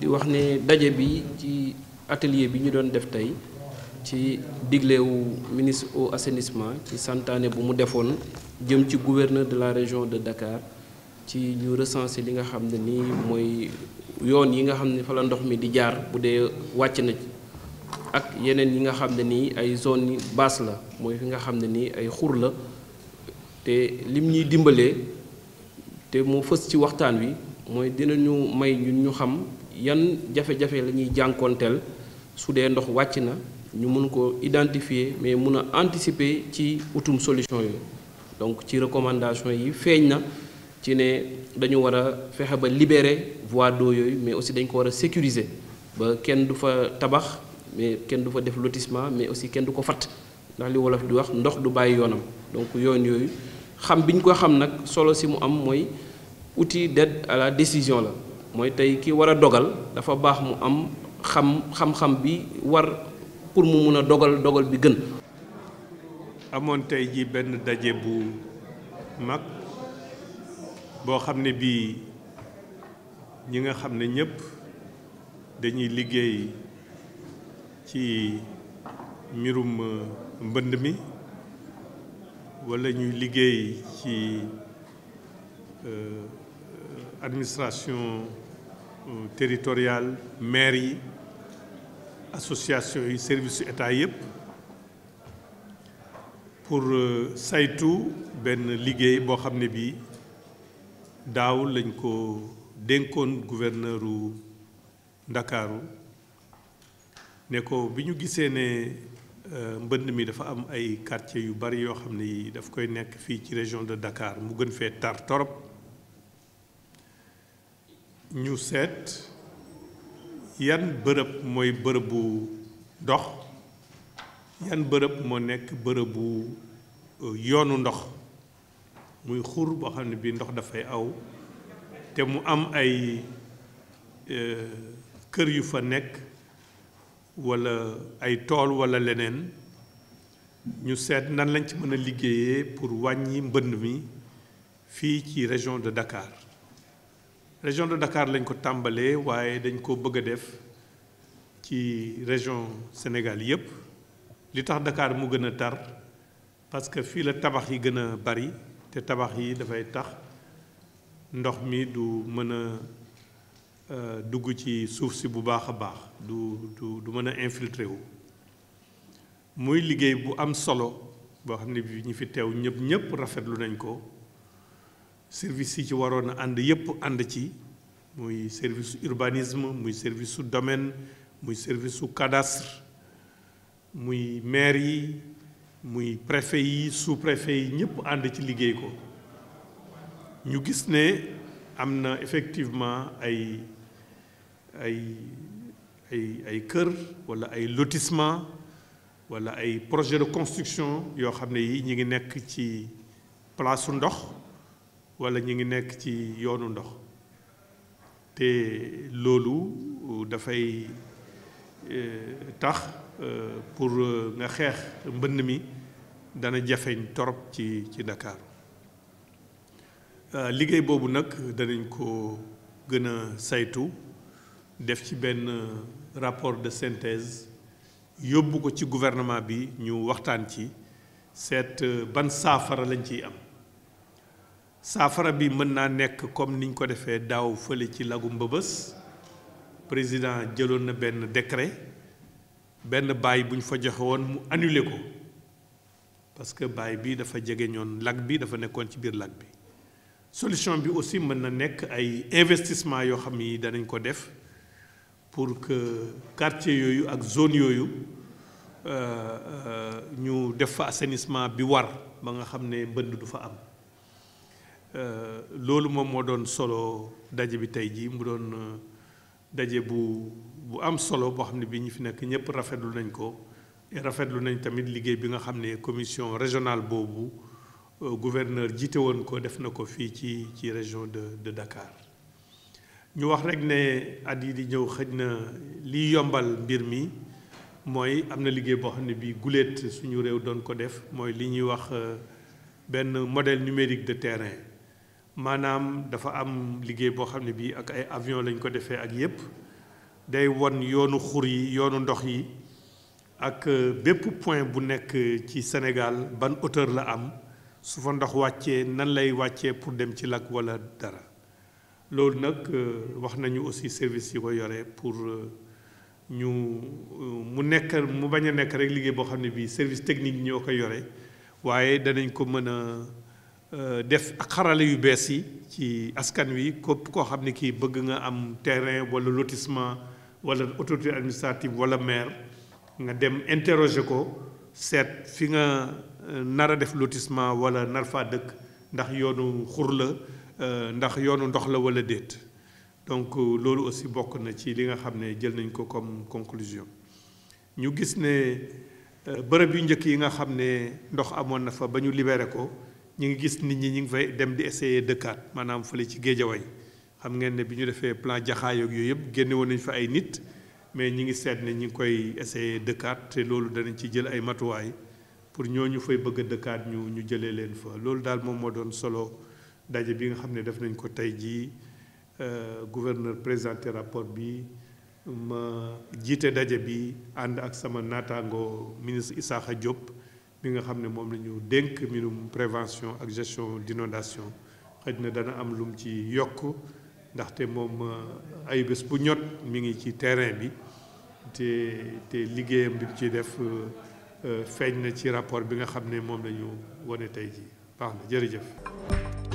di wax ne daje bi ci atelier bi ñu doon def tey ci diglewu ministre au assainissement ci santaane bu mu defoon jëm ci gouverneur de la région de Dakar ci ñu recenser li nga xam ne nii mooy yoon yi nga xam ne fa ndox mi di jaar bu dee wàcc na ak yeneen yi nga xam ne nii ay zone basse la mooy fi nga xam ne nii ay xur la te lim ñuy dimbalee te mu fës ci waxtaan wi mooy dinañu may ñun ñu xam yan jafe-jafe la ñuy jànkoonteel su dee ndox wàcc na ñu mun ko identifier mais mun a anticiper ci utum solution yooyu donc ci recommandation yi feeñ na ci ne dañu war a fexe ba libérer voie d'eau yooyu mais aussi dañ ko war a sécuriser ba kenn du fa tabax mais kenn du fa def lotissement mais aussi kenn du ko fatt ndax li wolof di wax ndox du bàyyi yoonam donc yoon yooyu xam bi ñu ko xam nag solo si mu am mooy uti d'aide à la décision la mooy tey ki war a dogal dafa baax mu am xam xam-xam bi war pour mu mun a dogal dogal bi gën amoon tey ji benn daje bu mag boo xam ne bii ñi nga xam ne ñépp dañuy liggéey ci mbirum mbënd mi wala ñuy liggéey ci euh, administration euh, territoriale maire yi association yi service état yëpp pour euh, saytu benn liggéey boo xam ne bii daawul lañ ko dénkoon gouverneur u Ndakaaru ne ko bi ñu gisee ne Euh, mbënn mi dafa am ay quartier yu bari yoo xam ne yi daf koy nekk fii ci région de Dakar mu gën fee tar torop ñu seet yan bërëb mooy bërëbu dox yan bërëb moo nekk bërëbu euh, yoonu ndox muy xur boo xam ne bii ndox dafay aw te mu am ay euh, kër yu fa nekk walla ay tool walla leneen ñu seet nan lañ ci mën a liggéeyee pour wàññi mbënn mi fii ci région de Dakar région de Dakar lañ ko tàmbalee waaye dañ ko bëgg a def ci région Sénégal yépp li tax Dakar mu gën a tar parce que fii la tabax yi gën a bari te tabax yi dafay tax ndox mi du mën a Euh, dugg ci suuf si bu baax a baax du du du mën a infiltré wu muy liggéey bu am solo boo xam ne bi ñu fi teew ñëpp ñëpp rafetlu nañ ko service yi ci waroon a ànd yëpp ànd ci muy service urbanisme muy service su domaine muy service su cadastre muy maire yi muy préfet yi sous préfet yi ñëpp ànd ci liggéey ko ñu gis ne am na effectivement ay ay ay ay kër walla ay lotissement wala ay projet de construction yoo xam ne yi ñi ngi nekk ci palaasu ndox wala ñi ngi nekk ci yoonu ndox te loolu dafay e, tax e, pour e, nga xeex mbënn mi dana jafeñ torop ci ci Dakar liggéey boobu nag danañ ko gën a saytu def ci benn euh, rapport de synthèse yóbbu ko ci gouvernement bi ñu waxtaan ci seet euh, ban saafara lañ ciy am saafara bi mën naa nekk comme niñ ko defee daaw fële ci lagu mbëbës président jëloon na benn décret benn baay bu ñu fa joxe woon mu annulé ko parce que bail bi dafa jege ñoon lag bi dafa nekkoon ci biir lag bi solution bi aussi mën na nekk ay investissement yoo xam ni danañ ko def pour que quartier yooyu ak zone yooyu euh, euh, ñu def fa assainissement bi war ba nga xam ne mbënd du fa am euh, loolu moom moo doon solo daje bi tey jii mu doon daje bu bu am solo boo xam ne bii ñu fi nekk ñëpp rafetlu nañ ko rafetlu nañ tamit liggéey bi nga xam ne commission régionale boobu gouverneur jiite woon ko def na ko fii ci ci région de de Dakar. ñu wax rek ne at yi di ñëw xëj na liy yombal mbir mi mooy am na liggéey boo xam ne bii guléet suñu réew doon ko def mooy li ñuy wax euh, benn modèle numérique de terrain maanaam dafa am liggéey boo xam ne bii ak ay avion lañ ko defee ak yépp day wan yoonu xur yi yoonu ndox yi ak euh, bépp point bu nekk ci Sénégal ban hauteur la am su fa ndox wàccee nan lay wàccee pour dem ci lakk walla dara loolu nag euh, wax nañu aussi service yi ko yore pour euh, ñu euh, mu nekk mu bañ a nekk rek liggéey boo xam ne bii service technique ñoo ko yore waaye danañ ko mën a def ak xarale yu bees yi ci askan wi képp koo xam ne kii bëgg nga am terrain wala lotissement wala autorité administrative wala maire nga dem interroger ko seet fi nga nar a def lotissement wala nar faa dëkk ndax yoonu xur la Euh, ndax yoonu ndox la walla déet donc euh, loolu aussi bokk na ci li nga xam ne jël nañ ko comme conclusion ñu gis ne euh, bërëb yu njëkk yi nga xam ne ndox amoon na fa ba ñu libere ko ñu ngi gis nit ñi ñu ngi fay dem di essayer dëkkaat maanaam fële ci géejaway xam ngeen ne bi ñu defee plan jaxaay ak yooyu yëpp génne woon nañ fa ay nit mais ñi ngi seet ne ñi ngi koy essayer dëkkaat te loolu danañ ci jël ay matuwaay pour ñoo ñu fay bëgg a dëkkaat ñu ñu jëlee leen fa loolu daal moom moo doon solo daje bi nga xam ne def nañ ko tey jii euh, gouverneur présenté rapport bi ma jiite daje bi ànd ak sama naataango ministre Isaaxa Diop mi nga xam ne moom la ñu dénk mbirum prévention ak gestion d'inondation xëy na dana am lum ci yokk ndaxte moom euh, ay bés bu ñot mi ngi ci terrain bi te te liggéeyam bi mu ciy def euh, feeñ na ci rapport bi nga xam ne moom la wane tey jii baax na jërëjëf.